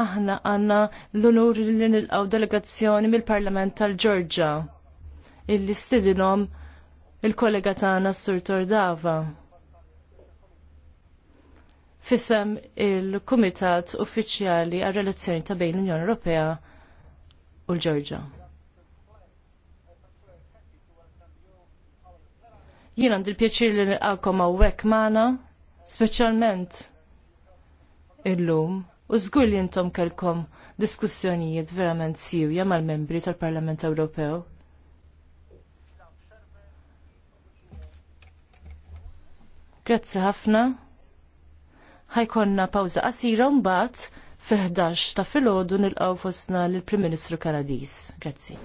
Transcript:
aħna għanna l-onur li nilqaw delegazzjoni mill-Parlament tal-Ġorġa illi stidilhom il-kollega tagħna Sur Tordava. Fisem il-Kumitat Uffiċjali għar-Relazzjoni ta' bejn l-Unjoni Ewropea u l-Ġorġa. Jien għandi l-pjaċir li nilqakom hawnhekk magħna, speċjalment illum U żgur li intom kelkom diskussjonijiet verament sirja mal-membri tal-Parlament Ewropew. Grazzi ħafna. Ħajkonna pawza qasira mbagħad fil-11 ta' filgħodu nilqgħu fostna lill-Prim Ministru Kanadiż. Grazzi.